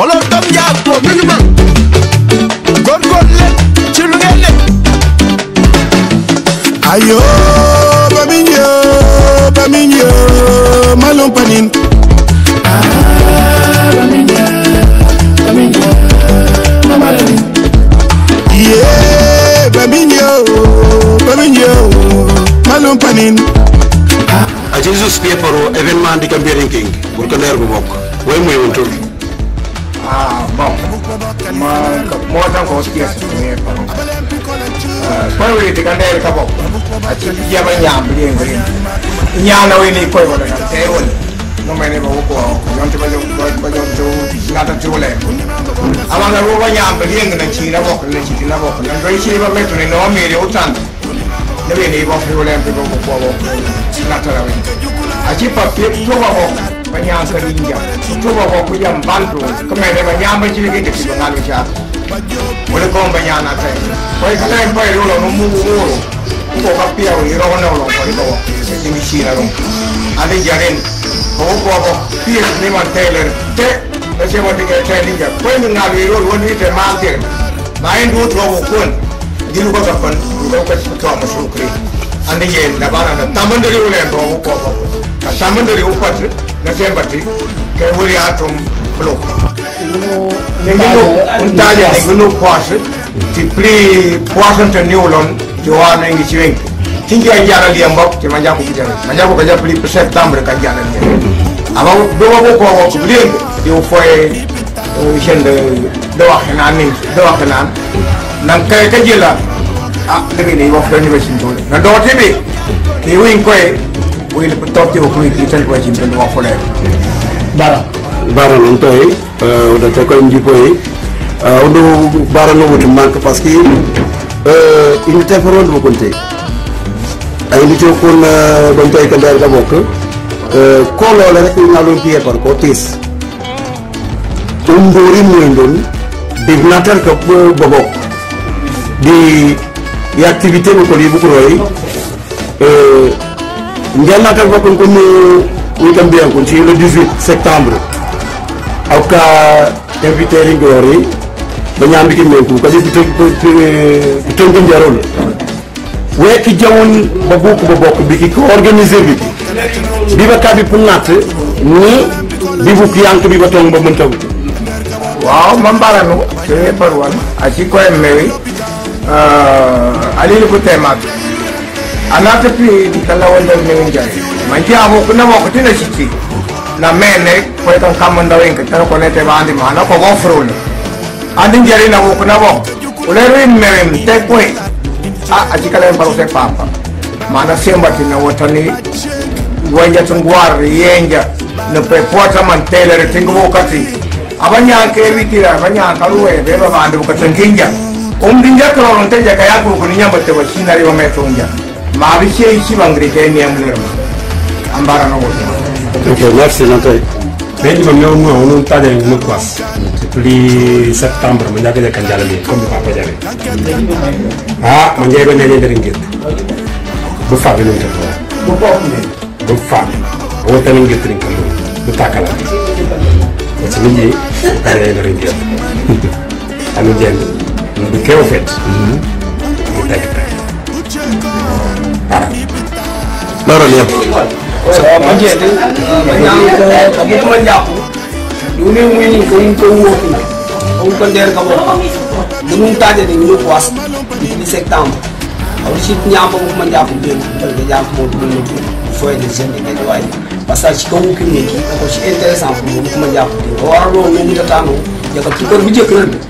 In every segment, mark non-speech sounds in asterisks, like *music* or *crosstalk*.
wolof tam njaag moo mi ngi man góorgóor leen ci lu ngeen nekk ayo baminyo baminyo malumpanin a jesus peparo événement ndi kam mbiyaten keng wonko nder mo mokko way moye won toon bon ma mozan ko wasu kiyasa ne faru kawai wuri ta kanda ya kafa a cikin yaban ya ambuli yin gari ya nauyi ne kawai wadda ta yi wani mun mai ne ba ko a ba zai zo na ta tula ya amma na ruwa ya ambuli yin gari ci na bokun na ci na bokun na gari ci ba mai tunai na wani mai na tara wani a ci fa fi banyanka y'injya tubaho kugira mbandu kumene banyamba chilikiti chipangalo chako uligombanyana te kwaisitaipa ilulo numuwuwulu ukokapia uliroho neulonkolikowo imichira lo alijalini oukobo pie nimantailer te ecebotiketendija kwenyi ngalo ilulu wonite maltir mainduutwa wukun gilukokakon lukokasitomo shukri అందుకే లబానంద തമന്തരിയുള്ള എന്തോമോ പോപ്പം തമന്തരി ഉപ്പത്ത് നസേം പറ്റി കേവലി ആറ്റും ബ്ലോ നെങ്കിലു ഉണ്ടാജ നെങ്കിലു ക്വാസ് തിപ്ലി ക്വാസം തന്നിയുള്ളോൻ ജോവാനെങ്കി ശിവെങ്കി tingi anjana liya mbok ti manja ko kijana manja ko kaja pili pesep tambre ka jana liya ama do ma ko ko ko liya di o foye o shende అందుకే నీ ఒక ఫ్రెండ్ వచ్చింది రెండవటివి నీవు ఇంకో వీళ్ళు తోటి ఒక ఇతరులకు వచ్చింది ఒకడే బారా baaraam lañ tooy euh, dafa koy njippoyi oɗo baaraam woni manque euh, euh, par ce que invité fo ronde mo konte a invité o kon ɗon tawi ko nder ga mokk kolole rek ina ɗon piye par ko tis ɗum ndori moyen ɗon dignatel ko bobok di i activité no kolibukuro ye euh, ngenna kan fakon comme i kam mbiyan kon ci le 18 septembre aw ka euh, invité ringoori ɓe ñambikin men kum kadi ko tonki njarol weeki jawon ba buku ba bokk bi ko organisé biki biba kabi punnat ni bibu kiyank biba tong ba mëntagu waaw man mbaranu ke par wan aci koye mewi అలీలిపోతాయి మాకు అలాంటి తెల్లవాళ్ళు నియమించాలి మంచి అమ్ముకున్న ఒకటి నశించి నమ్మేయండి కొంచెం కమ్మండవు ఇంక కొనైతే బాగుంది మాన ఒక ఆఫర్ ఉంది అందుకు జరిగి నవ్వుకున్నాము ఉడేవి మేము తక్కువై అధికలైన పడుతాయి పాప మనస్యం బట్టి నవ్వుతుంది వంజతం గువారు ఏంజ నువ్వు పోతామని తేలరు తింగు ఒకటి అవన్నీ ఆ కేవీ తీరా అవన్నీ ఆ కలువ వేరే వాళ్ళు ఒకటి గింజ ongrinjakororo ntaijaka yaguruko ninyambate bachina ari bamaetongia mabikie ikibangirika eniemwerema ambara nobuzima okay, merci nantoi bendi bamwe umwe uno ntaja umwe kwasi tuli septembre manyaka jaka njala mi kombi papa jare ah manyaka ko nyaje ndere ngit bu fa bi nunta ko bu ko bu fa bu tan ngit bu takala ko ci ni ni ndere ngit anu Uelekeo zetu mara ni hapo majete majanko kabutu manjaku yuni mwini ko yinko wofi on ko der ka bokka dunum taje de ñu ko as ni septembre aw ci ñamba ko manjaku be ko jam ko dum ni foy de jeune de way passage ko ko ni ko ci intéressant ko manjaku de waralo ñu ta tanu bu jëk na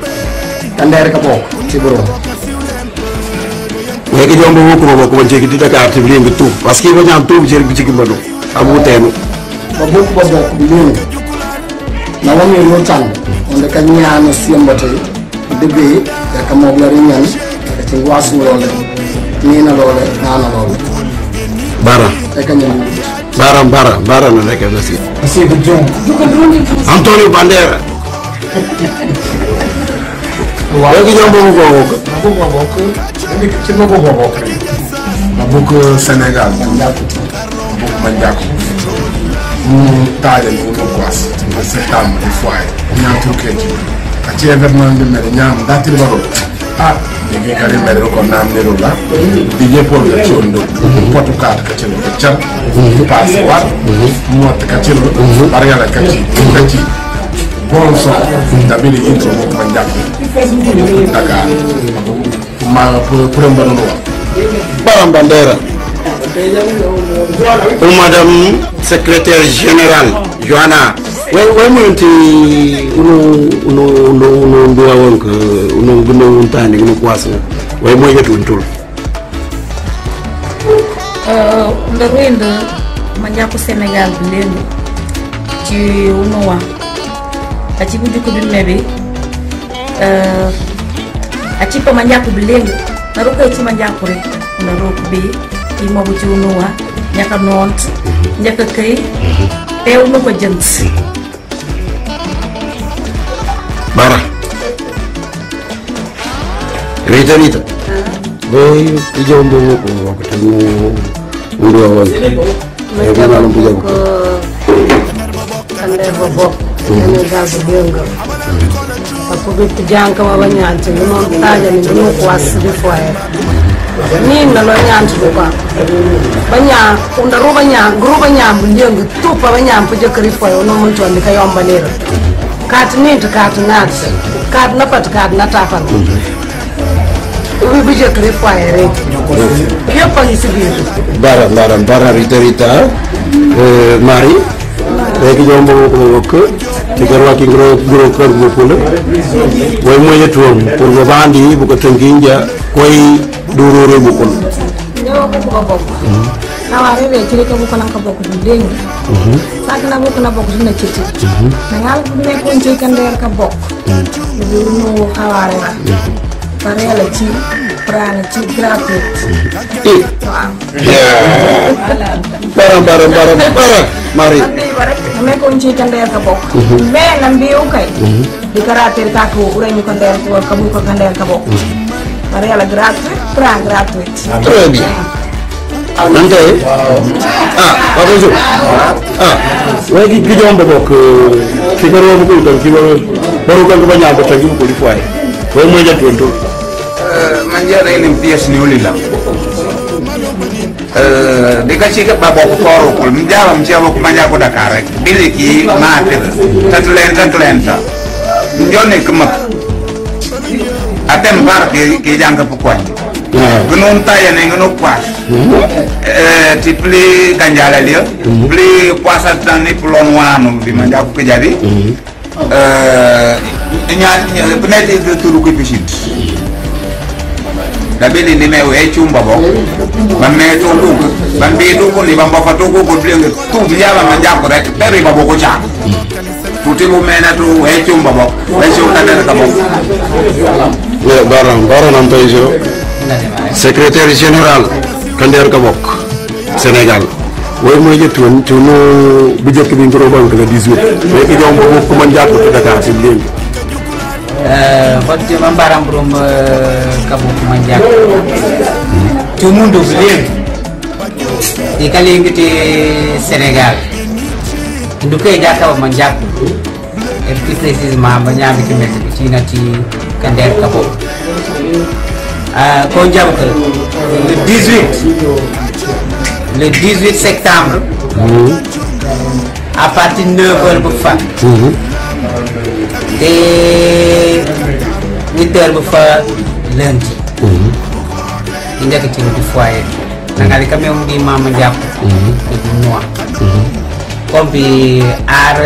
Kandeer rek a bokk ci borom. léegi ñoom ba wokk ma bokk ma jéggi di Dakar te lii ngi tuub parce que ma ñaan tuub jërë nga ci gimbandu amu teenu. ba bokk ba bokk lii na wani lo tan wanda ka ñaano siyambata debbe da ka mo lari ñan da ci wasu lolé ni na lolé na na lolé bara e ka ñaan bara bara bara na nekk na si si bu jom Antonio Bandera *laughs* waaw léegi ñoom boobu koo bokk. boobu koo bokk léegi ci boobu koo bokk rek. ma bokk Sénégal ma njàkk ma bokk ma njàkk. mu taajal mu bokkuwaas. ak septembre di foyer. ñaatu kecc. ak ci événement bi mel ñaam daatil baro. ah léegi kari mel ni ko naam niru la. di yëppoon ka ci ondo. potu kaat ka ci lo ka car. paas waat. mott ka ci lo. bargala ka ci ka ci. Ponson dabili into ma njambi Dakar ma puremba nono baramba ndera pour madame secrétaire générale Johanna waymoyonti uno uno uno uno mbiya wonko uno guno wontani uno kwasa waymoyeti wontul ndo euh, rwendo manjaku sénégal bi lendo ci uno wa aci bu jukk bi mebi euh, aci pa manjaku bilengo na roko aci manjaku re na roko bi i mo bu ci nuwa ñaka noont ñaka kay teew ma ko jënd bara rita rita boy ijo mbo ko ko tan mo ndo won ko ko ko ko ko ko zazibengamo bakubwa itujyanka w'abanyanzu nimo mutagani ndimo kuwasirifwera nina lwanyanjulukwa undaruvanyangulengu tupa vanyampuja kirifwayo nomuntu wandika yombanira kati nintu kati natsi kati napati kati natapana ubibija kirifwayere yopangisibiri bara bara bara rita rita eh, mari ekijombo wokuwokk Nicaragua gure kargo pula wai mo ye tuom purgo bandi buka tengkinja koi durure bukun nawari mmh. ah, be cire ke buko nanka boko dum deng mmh. sak na buko na boko dum na citi na ngal ne ko ci kan der ka bok du no xaware bare la ci braale ci gratuit. eh. baram baram baram ko nci ka ka bokk. Mhm. mais na mbiyu kay. Mhm. di caractère tàkk wu urañu ka bokk. bari mhm. yàlla gratuit bras gratuit. très bien. nan tey. ah waa bonjour. ah léegi ba bokk euh, ki nga ki nga roon ko bañ a ko tegi di foyer. boobu mooy ñett woon anjere elimpia siniulila Uh, dikachika baboko korukul mjala mchelo kumanyako dakare biliki matira tatlenta tlenta njone kumap atem bar ki, ki janga pukwani gnun taya ne ngno kwa ti pli kanjala lio pli kwasa tani plon wanu bi manja ku jadi eh nya pneti turu ku pisit labidi nimewe echumba bo bametunduku bambituku nibambafatukuku tulinge tuvyala majako rekperiba bokuchana tutivumene tu echumba bo wesiukaneleka bo baran baran antoisio secrétaire général kandeer ka bokk sénégal way mooy jë tuun tuunu bu jëkk bi ngiro banque le 18 léegi jom ba bokk man jàpp Dakar si léegi hoddema euh, mbaramburom euh, kabuma jak jomundu leydi ɗi kala yimɓete sénégal nduko e jakawa ma jakkudu e plus précisement mbo ñaami kimelte ɓe tinati ko nder kabo euh, ko jam ka le 18 le 18 septembre à partir 9 heure fa te directeur bu fa lundi. i njëkk ci di foyer. nangali quand même di mama jàpp. Mhm. di di noor. Mhm. comme bi aar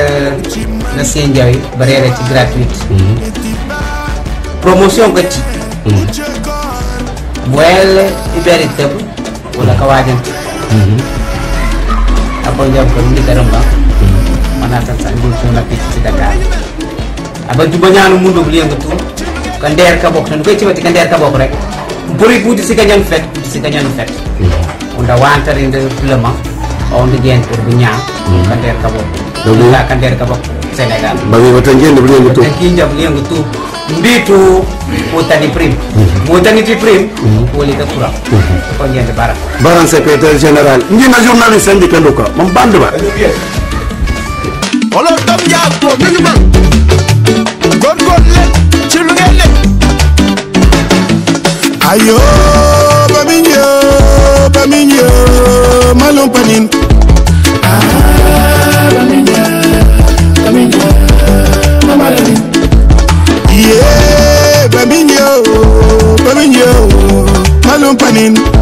na seen jaw yi ba ci gratuite. Mhm. promotion ko ci. boyal iberi tëb wala ka waajante. ako jaw ko ni daram ba. manaatan sa ndu ci na ci Dakar. aba juba ñaanu mundu bu yëngatu ka ndeer ka bokk tan koye cimati ka ndeer ka bokk rek buri ko wuti sika ñan fet wuti sika ñanu fet hmm. onda wantarinde pulema onde jen pour ɓe ñaam ka ka bokk ka ka ndeer ka bokk sénégal mbawi tuub ki jam lengo tuub mbitu wotani prime wotaniti hmm. prime hmm. wolita courant ko ñende baran baran secrétaire général jina journaliste en ndikendu ka to nañu man gorgol len ayo baminyo baminyo malumpanin ah baminyo baminyo mamalin yeah baminyo baminyo malumpanin